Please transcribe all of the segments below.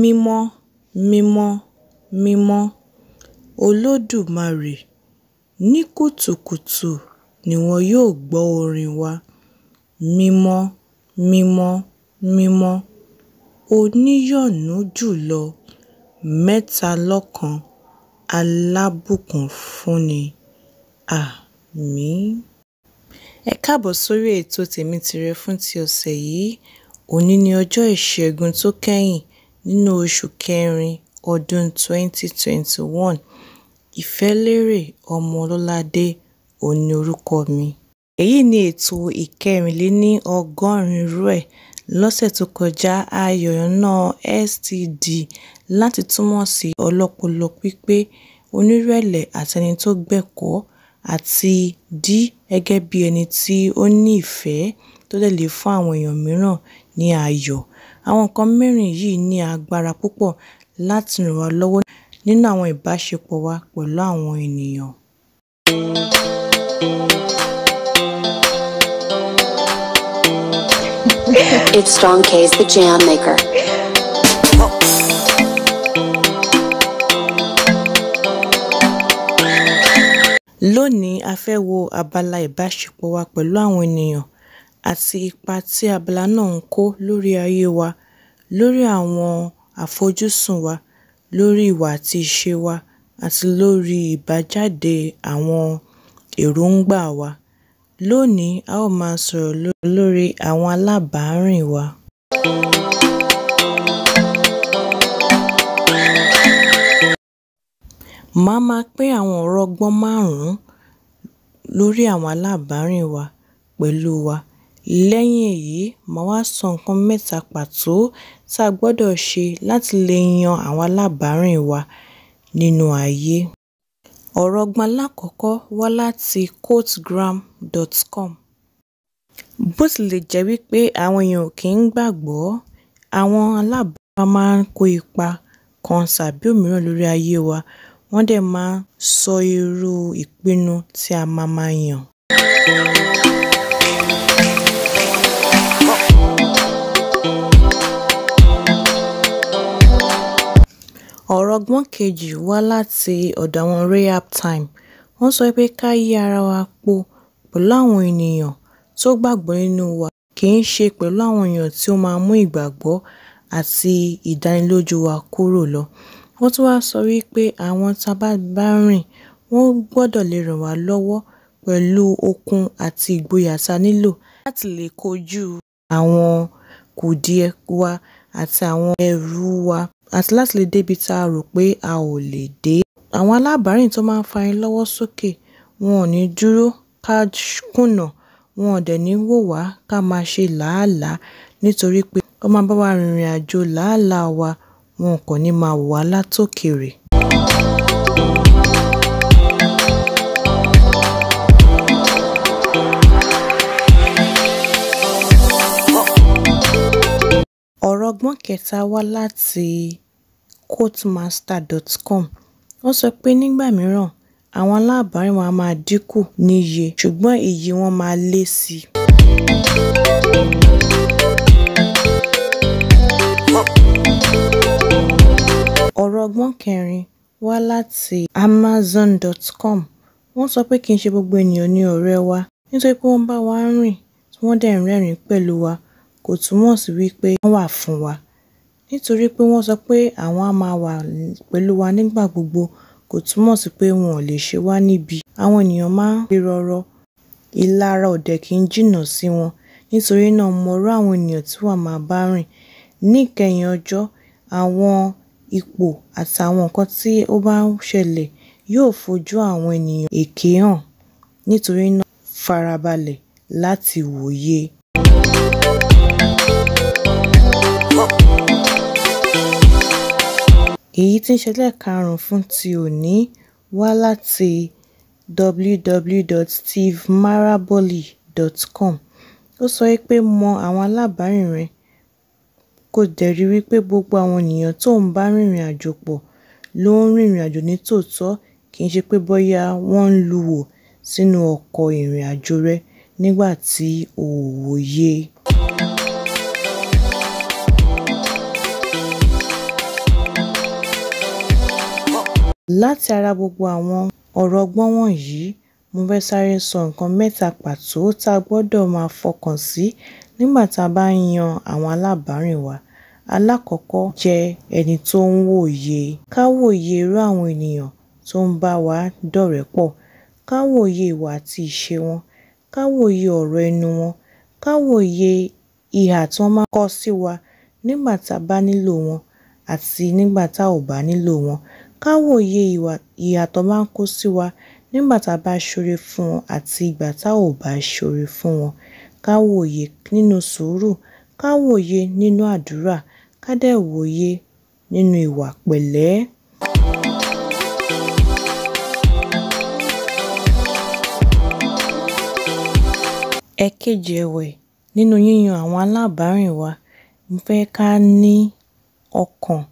mímọ́ mímọ́ mímọ́ olódùmarè ní kùtùkùtù ni wọn yóò gbọ́ orin wa mímọ́ mímọ́ mímọ́ oníyọ̀nú jùlọ mẹ́talọ́kan alábùkún fúnni àmín. ẹ káàbọ̀ sórí ètò tèmi tìrẹ fún ti ọ̀sẹ̀ yìí òní ni ọjọ́ ìṣẹ́gun tó kẹ́yìn nínú oṣù kẹrin ọdún 2021. Ìfẹ́lérè Ọmọlọ́ládé òun ni orúkọ mi. Èyí ni ètò ìkẹrìnléní-ọgọ́rin irú ẹ̀. Lọ́sẹ̀ tó kọjá, a yànnàná STD láti túmọ̀ sí ọlọ́pọlọ pípé, onírẹ̀lẹ̀ àti ẹni tó gbẹ́kọ̀ọ́, àti D gẹ́gẹ́ bí ẹni tí ó ní ìfẹ́ tó dẹ̀ lè fún àwọn èèyàn mìíràn ní ayọ̀. Àwọn nǹkan mẹ́rin yìí ní agbára púpọ̀ láti ràn wá lọ́wọ́ nínú àwọn ìbáṣepọ̀ wa pẹ̀lú àwọn ènìyàn. It's Strong Case, the jam maker. Lónìí, a fẹ́ wo abala ìbáṣepọ̀ wa pẹ̀lú àwọn ènìyàn àti ipa tí abala náà ń kó lórí ayé wa, lórí àwọn àfojúsùn wa, lórí ìwà àti ìṣe wa àti lórí ìbájáde àwọn èròńgbà wa. Lónìí, a ó máa sọ̀rọ̀ lórí àwọn alábàárìn wa. Màá máa pín àwọn ọ̀rọ̀ ọgbọ́n márùn-ún lórí àwọn alábàárìn wa pẹ̀lú wa Lẹ́yìn èyí, màá wá sọ nǹkan mẹ́ta pàtó tá a gbọ́dọ̀ ṣe láti lè yan àwọn alábàárìn wa nínú ayé. Ọ̀rọ̀ ọgbọ́n alákọ̀ọ́kọ́ wá láti quotesgram.com. Bó tilẹ̀ jẹ́ wípé àwọn èèyàn ò kí ń gbàgbọ́, àwọn alábàárà máa ń kó ipa kan tàbí òmíràn lórí ayé wa, wọ́n dẹ̀ máa sọ irú ìpinnu tí a máa máa yàn. ọgbọ́n kejì wá láti ọ̀dọ̀ àwọn Rayab Time, wọ́n sọ pé ká yí ara wa po pẹ̀lú àwọn ènìyàn tó gbàgbọ́ nínú wa kì í ṣe pẹ̀lú àwọn èèyàn tí ó máa mú ìgbàgbọ́ àti ìdánilójú wa kúrò lọ. Wọ́n tún wá sọ wípé àwọn táa bá rìn wọ́n gbọ́dọ̀ lè ràn wá lọ́wọ́ pẹ̀lú okun àti ìgboyà táa nílò láti lè kojú àwọn kùdìẹ̀ wa àti àwọn ẹ̀rù wa àti láti lè débi tá a rò pé a ò lè dé. Àwọn alábàárìn tó máa ń fani lọ́wọ́ sókè wọn ò ní dúró ká kùnà wọn ò dẹ̀ ní wò wá ká máa ṣe làálàá nítorí pé wọ́n máa rìnrìn àjò làálàá wa wọn kò ní máa wò wá látòkèrè. ẹ̀gbọ́n kẹta wá láti quotemaster.com wọ́n sọ pé nígbà mìíràn àwọn alábàárìn wọn a máa dínkù níye ṣùgbọ́n iyì wọn máa lé síi. ọ̀rọ̀ ọgbọ́n kẹrin wá láti amazon.com wọ́n sọ pé kì í ṣe gbogbo ènìyàn ni ọ̀rẹ́ wa nítorí pé wọ́n bá wa rìn tí wọ́n dẹ̀ ń rẹ́rìn pẹ̀lú wa kò túmọ̀ sí wípé wọ́n wà fún wa. Nítorí pé wọ́n sọ pé àwọn á máa wà pẹ̀lú wa nígbà gbogbo kò túmọ̀ sí pé wọn ò lè ṣe wá níbi. Àwọn ènìyàn máa ń pe rọrọ, ìlara ò dẹ̀ kí jìnnà sí wọn. Nítorí náà mo mọrú àwọn ènìyàn tí wàá máa bá rìn. Ní ọjọ́, àwọn ipò àtàwọn nǹkan tí ó bá ń ṣẹlẹ̀ yóò fojú àwọn ènìyàn èké hàn. Nítorí náà farabalẹ̀ láti wòye. Èyí tí í ṣe ẹlẹ́ẹ̀karùn-ún fún ti òní wá láti www.stevemaraboli.com. Ó sọ wípé "Mọ àwọn alábàárìn rẹ, kó dẹ̀ ríi wípé gbogbo àwọn ènìyàn tó ń bá rìnrìn àjò pọ̀ ló ń rìnrìn àjò ní tòótọ́ kìí ṣe pé bóyá wọ́n ń lúwò sínú ọkọ̀ ìrìnàjò rẹ nígbà tí o ò Láti ara gbogbo àwọn ọ̀rọ̀ ọgbọ́n wọ̀nyí, mo fẹ́ sáré sọ nǹkan mẹ́ta pàtó tá a gbọ́dọ̀ máa fọkàn sí nígbà tá a bá ń yan àwọn alábàárìn wa. Alákọ̀ọ́kọ́ jẹ́ ẹni tó ń wòye. Ká wòye irú àwọn ènìyàn tó ń bá wa dọ̀rẹ́pọ̀, ká wòye ìwà àti ìṣe wọn, ká wòye ọ̀rọ̀ ẹnu wọn, ká wòye ìhà tí wọ́n máa ń sí wa nígbà tá a bá nílò wọn àti nígbà tá ò bá nílò wọn ká wòye ìhà tán bá ń kó sí wa nígbà tá a bá ṣoore fún wọn àti ìgbà tá ò bá ṣoore fún wọn ká wòye nínú sùúrù ká wòye nínú àdúrà ká dẹ̀ wòye nínú ìwà pẹ̀lẹ́ ẹ̀kejì ẹ̀wẹ̀ nínú yíyan àwọn alábàárìn wa mo fẹ́ ká ní ọkàn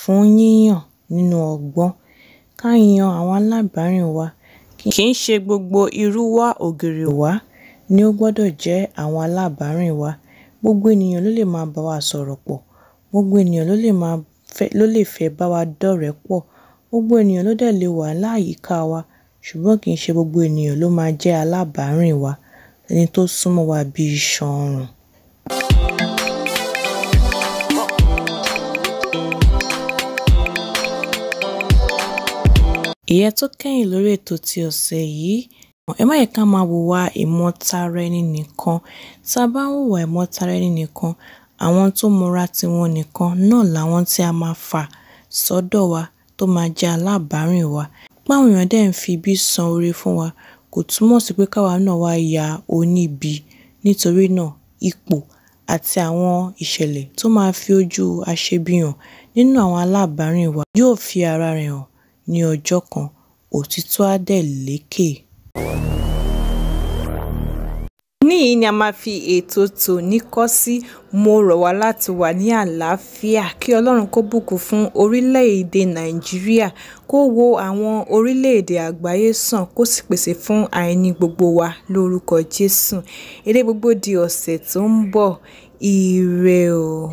fún yíyàn nínú ọgbọ́n. Ká yan àwọn alábàárìn wa. Kì í ṣe gbogbo irú wá ògèrè wá ni ó gbọdọ̀ jẹ́ àwọn alábàárìn wa. Gbogbo ènìyàn ló lè máa bá wa sọ̀rọ̀ pọ̀. Gbogbo ènìyàn ló lè máa fẹ́, ló lè fẹ́ bá wa dọ́rẹ̀ẹ́ pọ̀. Gbogbo ènìyàn ló dẹ̀ lè wà láyìíká wa. Ṣùgbọ́n kì í ṣe gbogbo ènìyàn ló máa jẹ́ alábàárìn wa, ẹni tó súnmọ́ wa bí iṣan ọrùn. ìyẹn tó kẹ́yìn lórí ètò ti ọ̀sẹ̀ yìí ẹ má yẹ ká máa hùwà ìmọ̀tara-ẹni nìkan tá a bá ń hùwà ìmọ̀tara-ẹni nìkan àwọn tó mọra tiwọn nìkan náà làwọn tí a máa fà sọ́dọ̀ wa tó máa jẹ́ alábàárìn wa páwọn èèyàn dẹ̀ ń fi ibi san oore fún wa kò túmọ̀ sí pé káwa náà wá ya oníbi nítorí náà ipò àti àwọn ìṣẹ̀lẹ̀ tó máa fi ojú aṣebi hàn nínú àwọn alábàárìn wa yóò fi ara rẹ̀ hàn ní ọjọ́ kan òtítọ́ á dé lékè. ni a máa fi ètò tòní kọ́ sí mo rọ̀ wá láti wà ní àlàáfíà kí ọlọ́run kó bùkún fún orílẹ̀-èdè nàìjíríà kó wo àwọn orílẹ̀-èdè àgbáyé sàn kó sì pèsè fún àìní gbogbo wa lórúkọ jésù ire gbogbo di ọ̀sẹ̀ tó ń bọ̀ ire o.